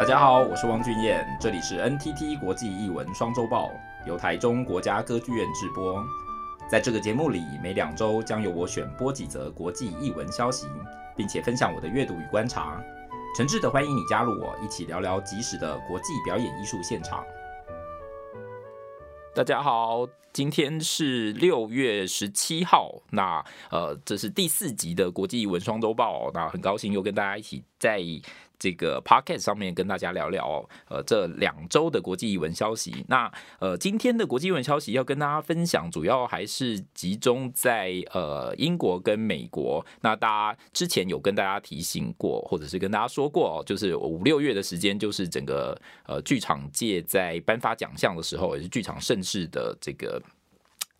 大家好，我是汪俊彥，這裡是 NTT 國際藝聞雙週報，由台中國家歌劇院制播。在這個節目裡，每兩周將由我選播幾則國際藝聞消息，並且分享我的閱讀與觀察。誠摯的歡迎你加入我，一起聊聊即時的國際表演藝術現場。大家好，今天是六月十七號，那呃，這是第四集的國際藝聞雙週報，那很高興又跟大家一起。在這個 podcast 上面跟大家聊聊哦，呃，這兩周的國際藝聞消息。那呃，今天的國際藝聞消息要跟大家分享，主要還是集中在呃英國跟美國。那大家之前有跟大家提醒過，或者是跟大家說過，就是五六月的時間，就是整個呃劇場界在頒發獎項的時候，也是劇場盛事的這個。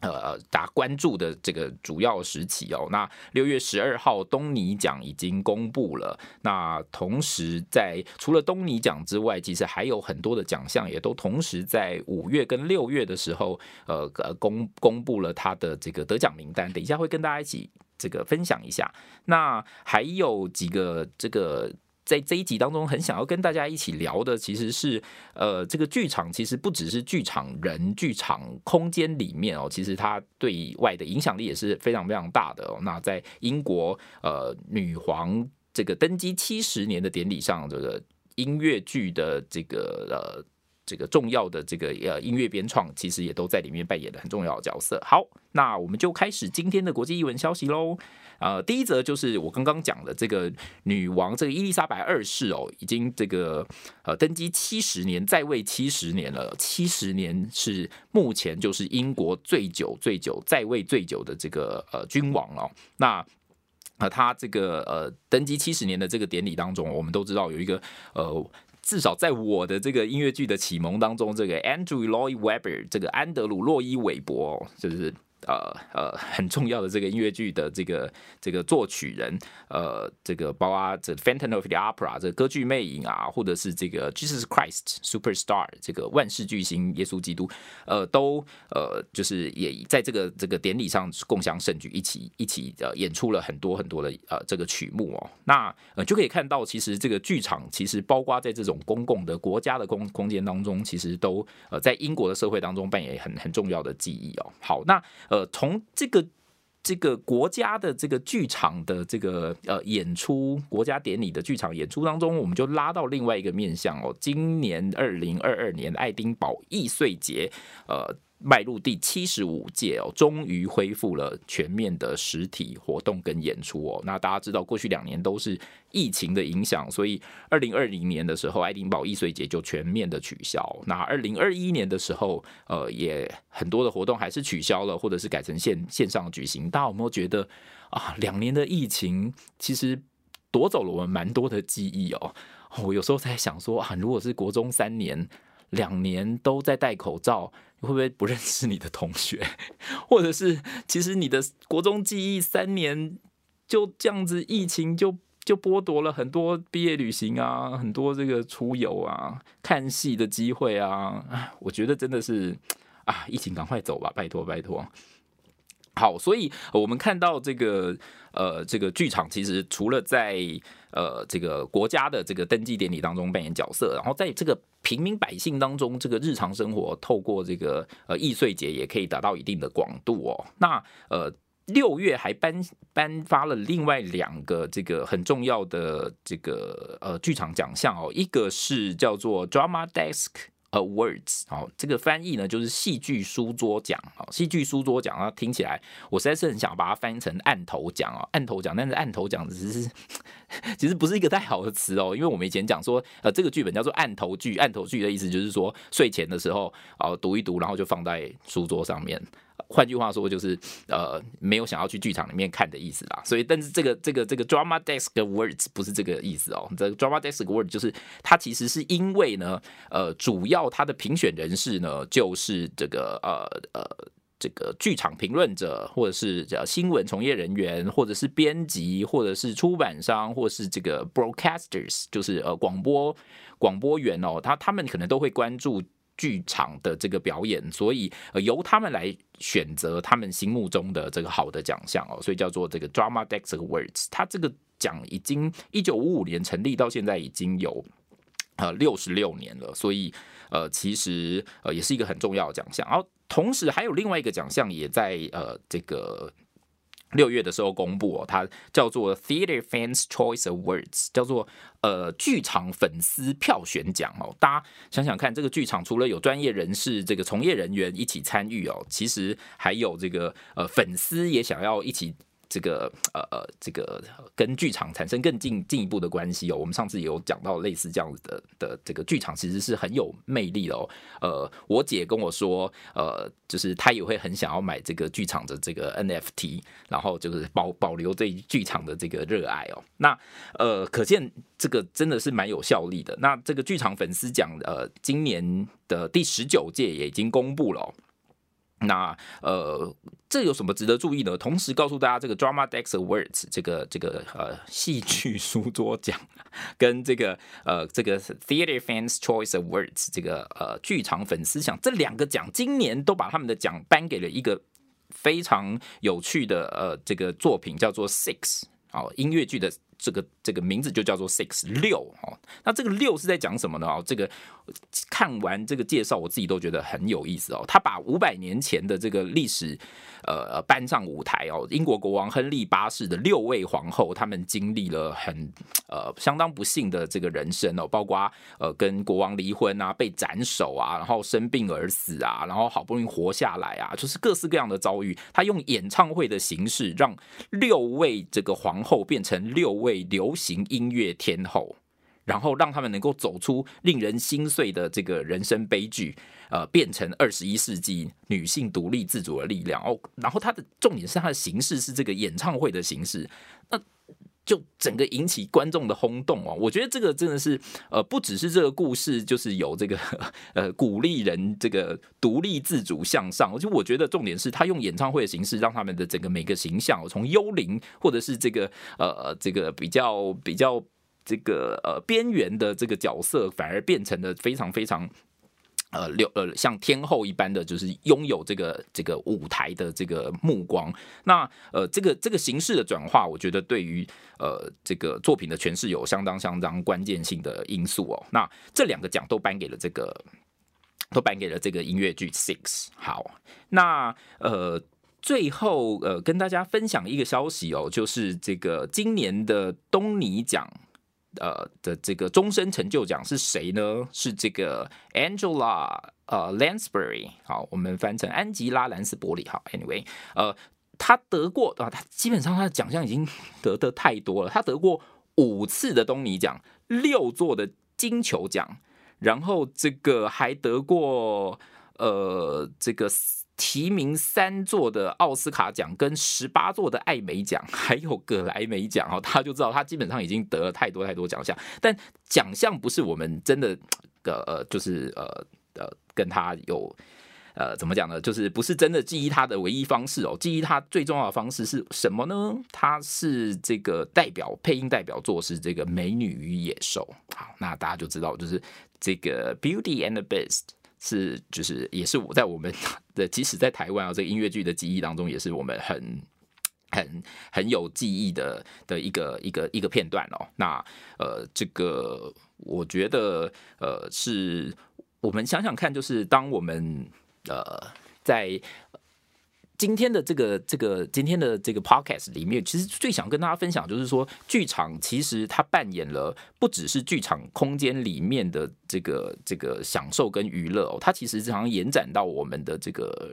呃，大家關注的這個主要時期哦。那六月十二號，東尼獎已經公布了。那同時在，在除了東尼獎之外，其實還有很多的獎項也都同時在五月跟六月的時候，呃呃公公布了他的這個得獎名單。等一下會跟大家一起這個分享一下。那還有幾個這個。在這一集當中，很想要跟大家一起聊的，其實是，呃，這個劇場其實不只是劇場人、劇場空間裡面哦，其實它對外的影響力也是非常非常大的哦。那在英國，呃，女皇這個登基七十年的典禮上，這個音樂劇的這個呃。這個重要的這個呃音樂編創，其實也都在裡面扮演了很重要的角色。好，那我們就開始今天的國際藝聞消息嘍。呃，第一則就是我剛剛講的這個女王，這個伊麗莎白二世哦，已經這個呃登基七十年，在位七十年了。七十年是目前就是英國最久、最久在位最久的這個呃君王哦。那呃，他這個呃登基七十年的這個典禮當中，我們都知道有一個呃。至少在我的這個音樂劇的啟蒙當中，這個 Andrew Lloyd Webber，這個安德魯·洛伊·韋伯就是。呃呃，很重要的這個音樂劇的這個這個作曲人，呃，這個包括這《Phantom of the Opera》這歌劇魅影啊，或者是這個 Jesus Christ Superstar 這個萬世巨星耶穌基督，呃，都呃，就是也在這個這個典禮上共襄盛舉，一起一起呃演出了很多很多的呃這個曲目哦。那呃就可以看到，其實這個劇場其實包括在這種公共的國家的空空間當中，其實都呃在英國的社會當中扮演很很重要的記憶哦。好，那。呃，從這個這個國家的這個劇場的這個呃演出，國家典禮的劇場演出當中，我們就拉到另外一個面向哦，今年二零二二年愛丁堡藝穗節，呃。邁入第七十五屆哦，終於恢復了全面的實體活動跟演出哦。那大家知道，過去兩年都是疫情的影響，所以二零二零年的時候，愛丁堡藝穗節就全面的取消。那二零二一年的時候，呃，也很多的活動還是取消了，或者是改成線線上舉行。大家有沒有覺得啊，兩年的疫情其實奪走了我們蠻多的記憶哦？我、哦、有時候在想說啊，如果是國中三年。兩年都在戴口罩，你會不會不認識你的同學？或者是其實你的國中記憶三年就這樣子，疫情就就剝奪了很多畢業旅行啊，很多這個出遊啊、看戲的機會啊。我覺得真的是啊，疫情趕快走吧，拜托拜托。好，所以我們看到這個呃，這個劇場其實除了在呃這個國家的這個登基典禮當中扮演角色，然後在這個平民百姓當中，這個日常生活透過這個呃藝穗節也可以達到一定的廣度哦。那呃六月還頒頒發了另外兩個這個很重要的這個呃劇場獎項哦，一個是叫做 Drama Desk。呃，words，好，這個翻譯呢，就是戲劇書桌獎，好，戲劇書桌獎，啊，聽起來我實在是很想把它翻譯成案頭獎啊，案頭獎，但是案頭獎只是其實不是一個太好的詞哦，因為我們以前講說，呃，這個劇本叫做案頭劇，案頭劇的意思就是說睡前的時候，哦，讀一讀，然後就放在書桌上面。換句話說，就是呃，沒有想要去劇場裡面看的意思啦。所以，但是這個這個這個 Drama Desk Awards 不是這個意思哦。這個 Drama Desk Awards 就是它其實是因為呢，呃，主要它的評選人士呢，就是這個呃呃這個劇場評論者，或者是叫新聞從業人員，或者是編輯，或者是出版商，或者是這個 broadcasters，就是呃廣播廣播員哦，他他們可能都會關注。劇場的這個表演，所以、呃、由他們來選擇他們心目中的這個好的獎項哦，所以叫做這個 Drama Desk Awards，它這個獎已經一九五五年成立到現在已經有呃六十六年了，所以呃其實呃也是一個很重要的獎項。然後同時還有另外一個獎項也在呃這個。六月的時候公布哦，它叫做 Theatre Fans Choice Awards，叫做呃劇場粉絲票選獎哦。大家想想看，這個劇場除了有專業人士、這個從業人員一起參與哦，其實還有這個呃粉絲也想要一起。這個呃呃，這個跟劇場產生更進進一步的關係哦。我們上次有講到類似這樣子的的這個劇場，其實是很有魅力的哦。呃，我姐跟我說，呃，就是她也會很想要買這個劇場的這個 NFT，然後就是保保留對劇場的這個熱愛哦。那呃，可見這個真的是蠻有效力的。那這個劇場粉絲獎，呃，今年的第十九屆也已經公布了哦。那呃，這有什麼值得注意呢？同時告訴大家，這個 Drama Desk Awards 這個這個呃戲劇書桌獎，跟這個呃這個 Theatre Fans Choice Awards 這個呃劇場粉絲獎，這兩個獎今年都把他們的獎頒給了一個非常有趣的呃這個作品，叫做《Six》哦。好，音樂劇的。這個這個名字就叫做 “six 六”哦。那這個“六”是在講什麼呢？哦，這個看完這個介紹，我自己都覺得很有意思哦。他把五百年前的這個歷史，呃，呃、搬上舞台哦。英國國王亨利八世的六位皇後，他們經歷了很呃相當不幸的這個人生哦，包括呃跟國王離婚啊、被斬首啊、然後生病而死啊、然後好不容易活下來啊，就是各式各樣的遭遇。他用演唱會的形式，讓六位這個皇后變成六位。流行音樂天後，然後讓他們能夠走出令人心碎的這個人生悲劇，呃，變成二十一世紀女性獨立自主的力量哦。然後它的重點是，它的形式是這個演唱會的形式，那，就整個引起觀眾的轟動啊！我覺得這個真的是，呃，不只是這個故事，就是有這個呃鼓勵人這個獨立自主向上。而且我覺得重點是他用演唱會的形式，讓他們的整個每個形象啊，從幽靈或者是這個呃這個比較比較這個呃邊緣的這個角色，反而變成了非常非常。呃，流呃，像天后一般的就是擁有這個這個舞台的這個目光。那呃，這個這個形式的轉化，我覺得對於呃這個作品的詮釋有相當相當關鍵性的因素哦。那這兩個獎都頒給了這個，都頒給了這個音樂劇《Six》。好，那呃，最後呃，跟大家分享一個消息哦，就是這個今年的東尼獎。呃的這個終身成就獎是誰呢？是這個 Angela 呃 Lansbury，好，我們翻成安吉拉蘭斯伯里，好，Anyway，呃，他得過啊，他基本上他的獎項已經得的太多了，他得過五次的東尼獎，六座的金球獎，然後這個還得過呃這個。提名三座的奧斯卡獎，跟十八座的艾美獎，還有葛萊美獎、哦，大家就知道他基本上已經得了太多太多獎項。但獎項不是我們真的，的呃，就是呃,呃跟他有呃怎麼講呢？就是不是真的記憶他的唯一方式哦。記憶他最重要的方式是什麼呢？他是這個代表配音代表作是這個《美女與野獸》好，那大家就知道就是這個《Beauty and the Beast》是，就是也是我在我們的，即使在台灣啊，這個音樂劇的記憶當中，也是我們很、很、很有記憶的的一個、一個、一個片段哦。那呃，這個我覺得呃，是我們想想看，就是當我們呃在。今天的這個這個今天的這個 podcast 裡面，其實最想跟大家分享，就是說，劇場其實它扮演了不只是劇場空間裡面的這個這個享受跟娛樂，哦，它其實常常延展到我們的這個、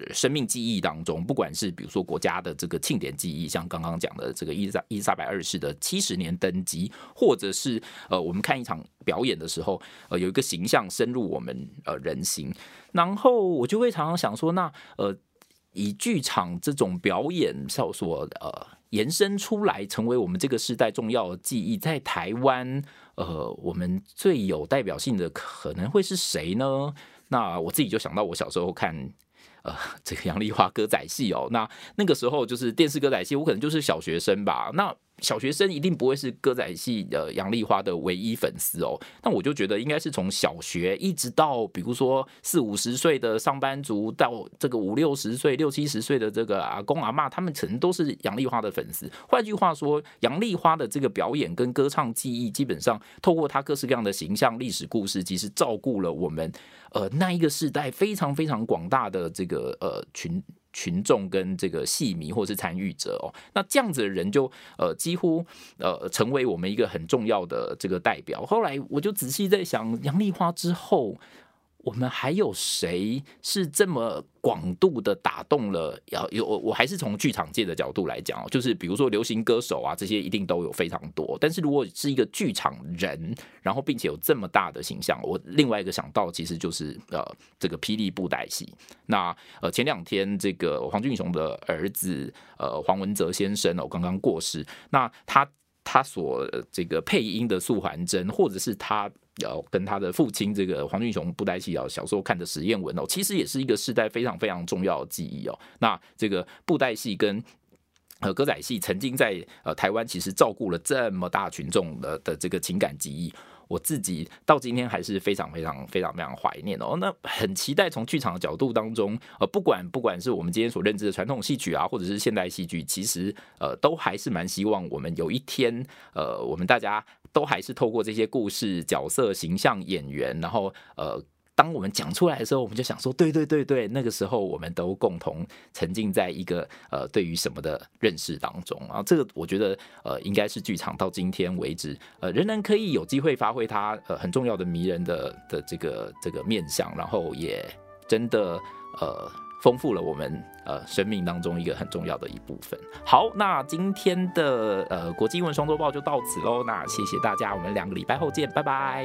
呃、生命記憶當中。不管是比如說國家的這個慶典記憶，像剛剛講的這個伊莉莎伊莉莎白二世的七十年登基，或者是呃，我們看一場表演的時候，呃，有一個形象深入我們呃人心。然後我就會常常想說，那呃。以劇場這種表演效果，呃延伸出來，成為我們這個時代重要的記憶，在台灣呃我們最有代表性的可能會是誰呢？那我自己就想到我小時候看呃這個楊麗花歌仔戲哦，那那個時候就是電視歌仔戲，我可能就是小學生吧，那。小學生一定不會是歌仔戲的楊麗花的唯一粉絲哦，那我就覺得應該是從小學一直到，比如說四五十歲的上班族，到這個五六十歲、六七十歲的這個阿公阿媽，他們全都是楊麗花的粉絲。換句話說，楊麗花的這個表演跟歌唱技藝，基本上透過她各式各樣的形象、歷史故事，其實照顧了我們呃那一個時代非常非常廣大的這個呃群。群眾跟這個戲迷或是參與者哦，那這樣子的人就呃幾乎呃成為我們一個很重要的這個代表。後來我就仔細在想，楊麗花之後，我們還有誰是這麼廣度的打動了？要有我，我還是從劇場界的角度來講哦，就是比如說流行歌手啊，這些一定都有非常多。但是如果是一個劇場人，然後並且有這麼大的形象，我另外一個想到其實就是呃這個霹靂布袋戲。那呃前兩天這個黃俊雄的兒子呃黃文擇先生哦剛剛過世，那他他所這個配音的素還真，或者是他。要跟他的父親這個黃俊雄布袋戲哦，小時候看的史艷文哦，其實也是一個世代非常非常重要的記憶哦。那這個布袋戲跟呃歌仔戲曾經在呃台灣其實照顧了這麼大群眾的的這個情感記憶。我自己到今天還是非常非常非常非常懷念哦，那很期待從劇場的角度當中，呃，不管不管是我們今天所認知的傳統戲曲啊，或者是現代戲劇，其實呃，都還是蠻希望我們有一天，呃，我們大家都還是透過這些故事、角色、形象、演員，然後呃。當我們講出來的時候，我們就想說，對對對對，那個時候我們都共同沉浸在一個呃對於什麼的認識當中。啊。這個我覺得呃應該是劇場到今天為止呃仍然可以有機會發揮它呃很重要的迷人的的這個這個面向，然後也真的呃豐富了我們呃生命當中一個很重要的一部分。好，那今天的呃國際藝聞雙週報就到此嘍。那謝謝大家，我們兩個禮拜後見，拜拜。